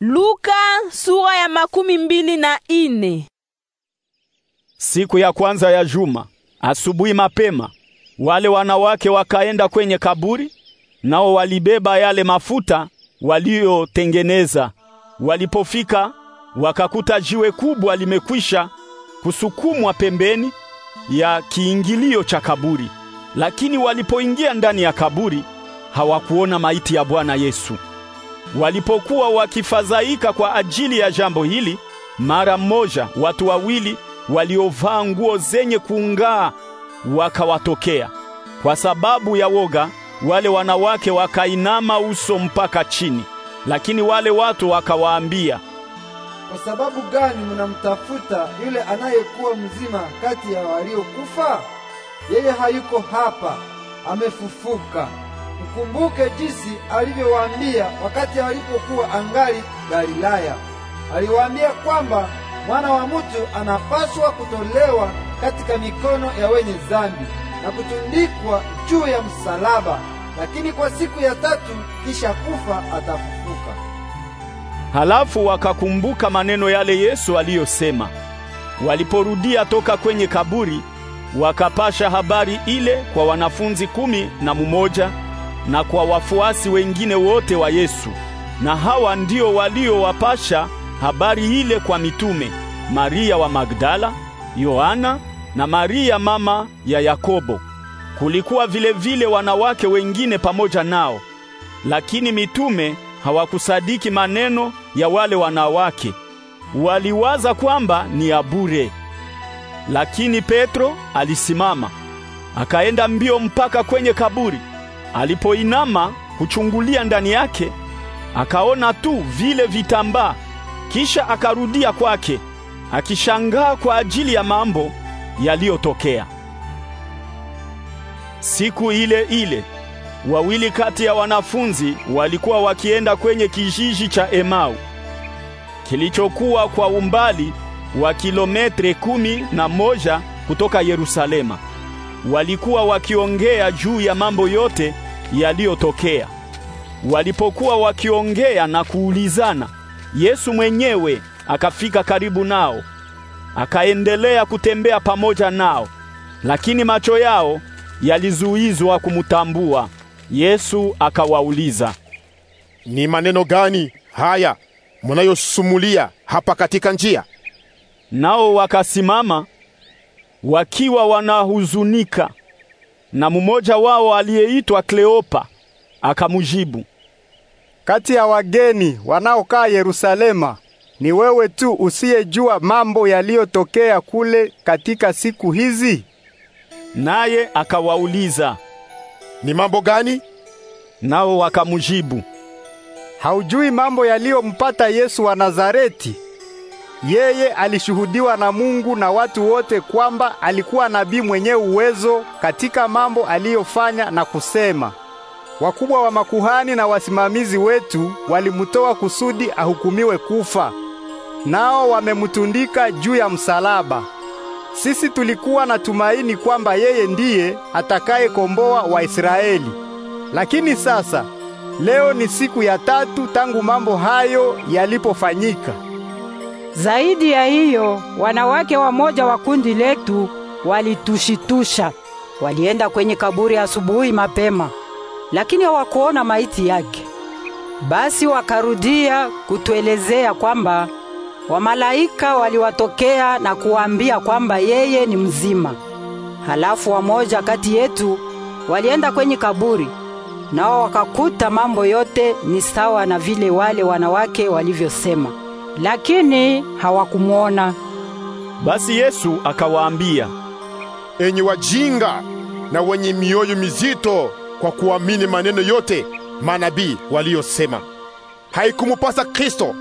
Luka sura ya makumi mbili na ine. Siku ya kwanza ya juma, asubuhi mapema, wale wanawake wakaenda kwenye kaburi, nao walibeba yale mafuta waliyotengeneza Walipofika wakakuta jiwe kubwa limekwisha kusukumwa pembeni ya kiingilio cha kaburi, lakini walipoingia ndani ya kaburi hawakuona maiti ya Bwana Yesu. Walipokuwa wakifadhaika kwa ajili ya jambo hili, mara mmoja watu wawili waliovaa nguo zenye kung'aa wakawatokea. Kwa sababu ya woga, wale wanawake wakainama uso mpaka chini. Lakini wale watu wakawaambia, kwa sababu gani mnamtafuta yule anayekuwa mzima kati ya waliokufa? Yeye hayuko hapa, amefufuka. Mkumbuke jinsi alivyowaambia wakati alipokuwa angali Galilaya. Aliwaambia kwamba mwana wa mtu anapaswa kutolewa katika mikono ya wenye zambi na kutundikwa juu ya msalaba, lakini kwa siku ya tatu kisha kufa atafufuka. Halafu wakakumbuka maneno yale Yesu aliyosema. Waliporudia toka kwenye kaburi, wakapasha habari ile kwa wanafunzi kumi na mumoja na kwa wafuasi wengine wote wa Yesu. Na hawa ndio waliowapasha habari ile kwa mitume: Maria wa Magdala, Yohana na Maria mama ya Yakobo. Kulikuwa vile vile wanawake wengine pamoja nao, lakini mitume hawakusadiki maneno ya wale wanawake. Waliwaza kwamba ni ya bure. Lakini Petro alisimama, akaenda mbio mpaka kwenye kaburi. Alipoinama kuchungulia ndani yake, akaona tu vile vitambaa, kisha akarudia kwake akishangaa kwa ajili ya mambo yaliyotokea. Siku ile ile wawili kati ya wanafunzi walikuwa wakienda kwenye kijiji cha Emau kilichokuwa kwa umbali wa kilometre kumi na moja kutoka Yerusalema. Walikuwa wakiongea juu ya mambo yote yaliyotokea. Walipokuwa wakiongea na kuulizana, Yesu mwenyewe akafika karibu nao, akaendelea kutembea pamoja nao, lakini macho yao yalizuizwa kumutambua. Yesu akawauliza, ni maneno gani haya munayosumulia hapa katika njia? Nao wakasimama wakiwa wanahuzunika na mmoja wao aliyeitwa Kleopa akamjibu, kati ya wageni wanaokaa Yerusalema ni wewe tu usiyejua mambo yaliyotokea kule katika siku hizi? Naye akawauliza, ni mambo gani? Nao wakamjibu, haujui mambo yaliyompata Yesu wa Nazareti yeye alishuhudiwa na Mungu na watu wote kwamba alikuwa nabii mwenye uwezo katika mambo aliyofanya na kusema. Wakubwa wa makuhani na wasimamizi wetu walimtoa kusudi ahukumiwe kufa. Nao wamemtundika juu ya msalaba. Sisi tulikuwa na tumaini kwamba yeye ndiye atakayekomboa Waisraeli. Lakini sasa leo ni siku ya tatu tangu mambo hayo yalipofanyika. Zaidi ya hiyo, wanawake wamoja wa kundi letu walitushitusha. Walienda kwenye kaburi asubuhi mapema, lakini hawakuona maiti yake. Basi wakarudia kutuelezea kwamba wamalaika waliwatokea na kuwaambia kwamba yeye ni mzima. Halafu wamoja kati yetu walienda kwenye kaburi, nao wakakuta mambo yote ni sawa na vile wale wanawake walivyosema lakini hawakumwona. Basi Yesu akawaambia, enyi wajinga na wenye mioyo mizito kwa kuamini maneno yote manabii waliosema. Haikumupasa Kristo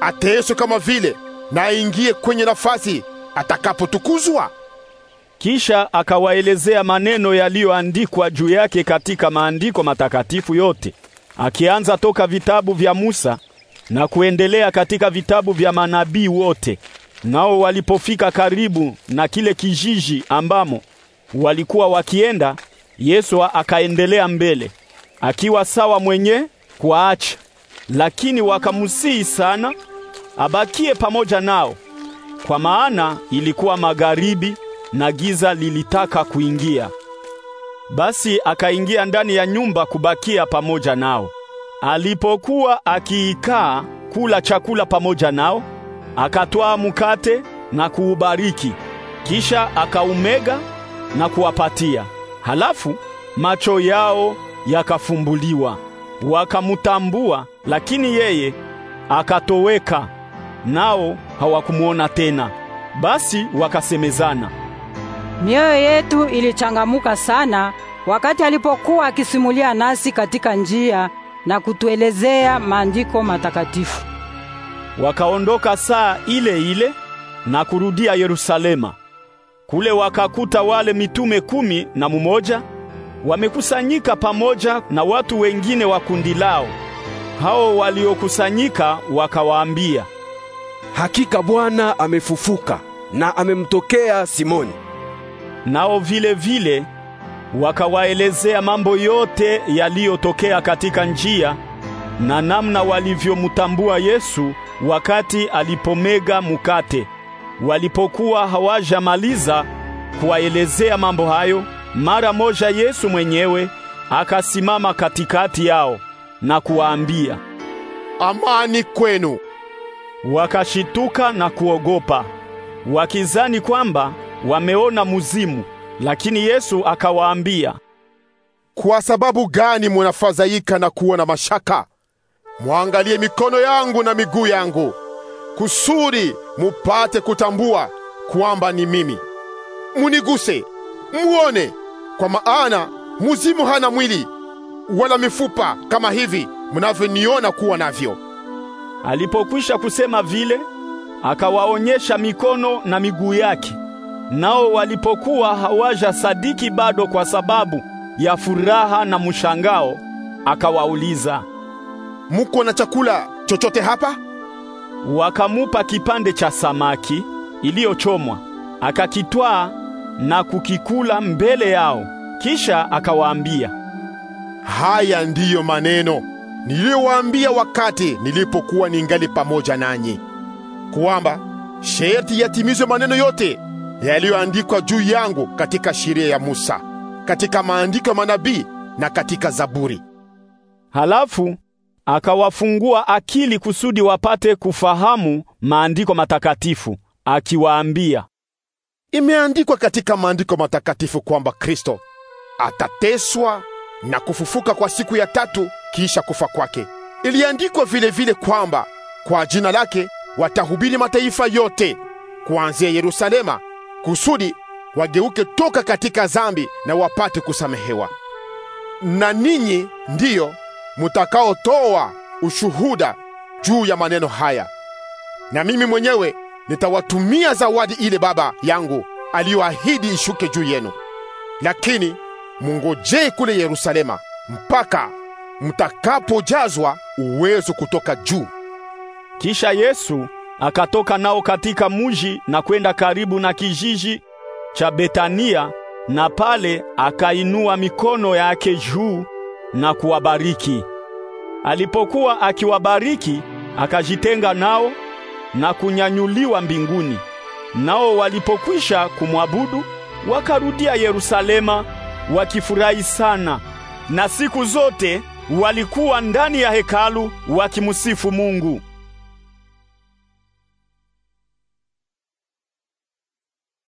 ateeswe kama vile na aingie kwenye nafasi atakapotukuzwa. Kisha akawaelezea maneno yaliyoandikwa juu yake katika maandiko matakatifu yote, akianza toka vitabu vya Musa na kuendelea katika vitabu vya manabii wote. Nao walipofika karibu na kile kijiji ambamo walikuwa wakienda, Yesu akaendelea mbele akiwa sawa mwenye kuacha, lakini wakamusihi sana abakie pamoja nao, kwa maana ilikuwa magharibi na giza lilitaka kuingia. Basi akaingia ndani ya nyumba kubakia pamoja nao. Alipokuwa akiikaa kula chakula pamoja nao, akatwaa mkate na kuubariki, kisha akaumega na kuwapatia. Halafu macho yao yakafumbuliwa, wakamutambua, lakini yeye akatoweka, nao hawakumwona tena. Basi wakasemezana, mioyo yetu ilichangamuka sana wakati alipokuwa akisimulia nasi katika njia na kutuelezea maandiko matakatifu. Wakaondoka saa ile ile na kurudia Yerusalema. Kule wakakuta wale mitume kumi na mumoja wamekusanyika pamoja na watu wengine wa kundi lao. Hao waliokusanyika wakawaambia, hakika Bwana amefufuka na amemtokea Simoni. Nao vile vile wakawaelezea mambo yote yaliyotokea katika njia na namna walivyomtambua Yesu wakati alipomega mukate Walipokuwa hawajamaliza kuwaelezea mambo hayo, mara moja Yesu mwenyewe akasimama katikati yao na kuwaambia, amani kwenu. Wakashituka na kuogopa wakizani kwamba wameona muzimu. Lakini Yesu akawaambia, kwa sababu gani munafadhaika na kuwa na mashaka? Mwangalie mikono yangu na miguu yangu, kusudi mupate kutambua kwamba ni mimi. Muniguse muone, kwa maana muzimu hana mwili wala mifupa kama hivi mnavyoniona kuwa navyo. Alipokwisha kusema vile, akawaonyesha mikono na miguu yake. Nao walipokuwa hawaja sadiki bado kwa sababu ya furaha na mshangao, akawauliza, muko na chakula chochote hapa? Wakamupa kipande cha samaki iliyochomwa, akakitwaa na kukikula mbele yao. Kisha akawaambia, haya ndiyo maneno niliyowaambia wakati nilipokuwa ningali pamoja nanyi, kwamba sherti yatimizwe maneno yote yaliyoandikwa juu yangu katika sheria ya Musa, katika maandiko ya manabii na katika Zaburi. Halafu akawafungua akili kusudi wapate kufahamu maandiko matakatifu, akiwaambia, imeandikwa katika maandiko matakatifu kwamba Kristo atateswa na kufufuka kwa siku ya tatu kisha kufa kwake. Iliandikwa vile vile kwamba kwa jina lake watahubiri mataifa yote kuanzia Yerusalema kusudi wageuke toka katika zambi na wapate kusamehewa. Na ninyi ndiyo mutakaotoa ushuhuda juu ya maneno haya, na mimi mwenyewe nitawatumia zawadi ile Baba yangu aliyoahidi ishuke juu yenu. Lakini mungojee kule Yerusalema mpaka mtakapojazwa uwezo kutoka juu. Kisha Yesu Akatoka nao katika muji na kwenda karibu na kijiji cha Betania, na pale akainua mikono yake juu na kuwabariki. Alipokuwa akiwabariki, akajitenga nao na kunyanyuliwa mbinguni. Nao walipokwisha kumwabudu, wakarudia Yerusalema wakifurahi sana, na siku zote walikuwa ndani ya hekalu wakimsifu Mungu.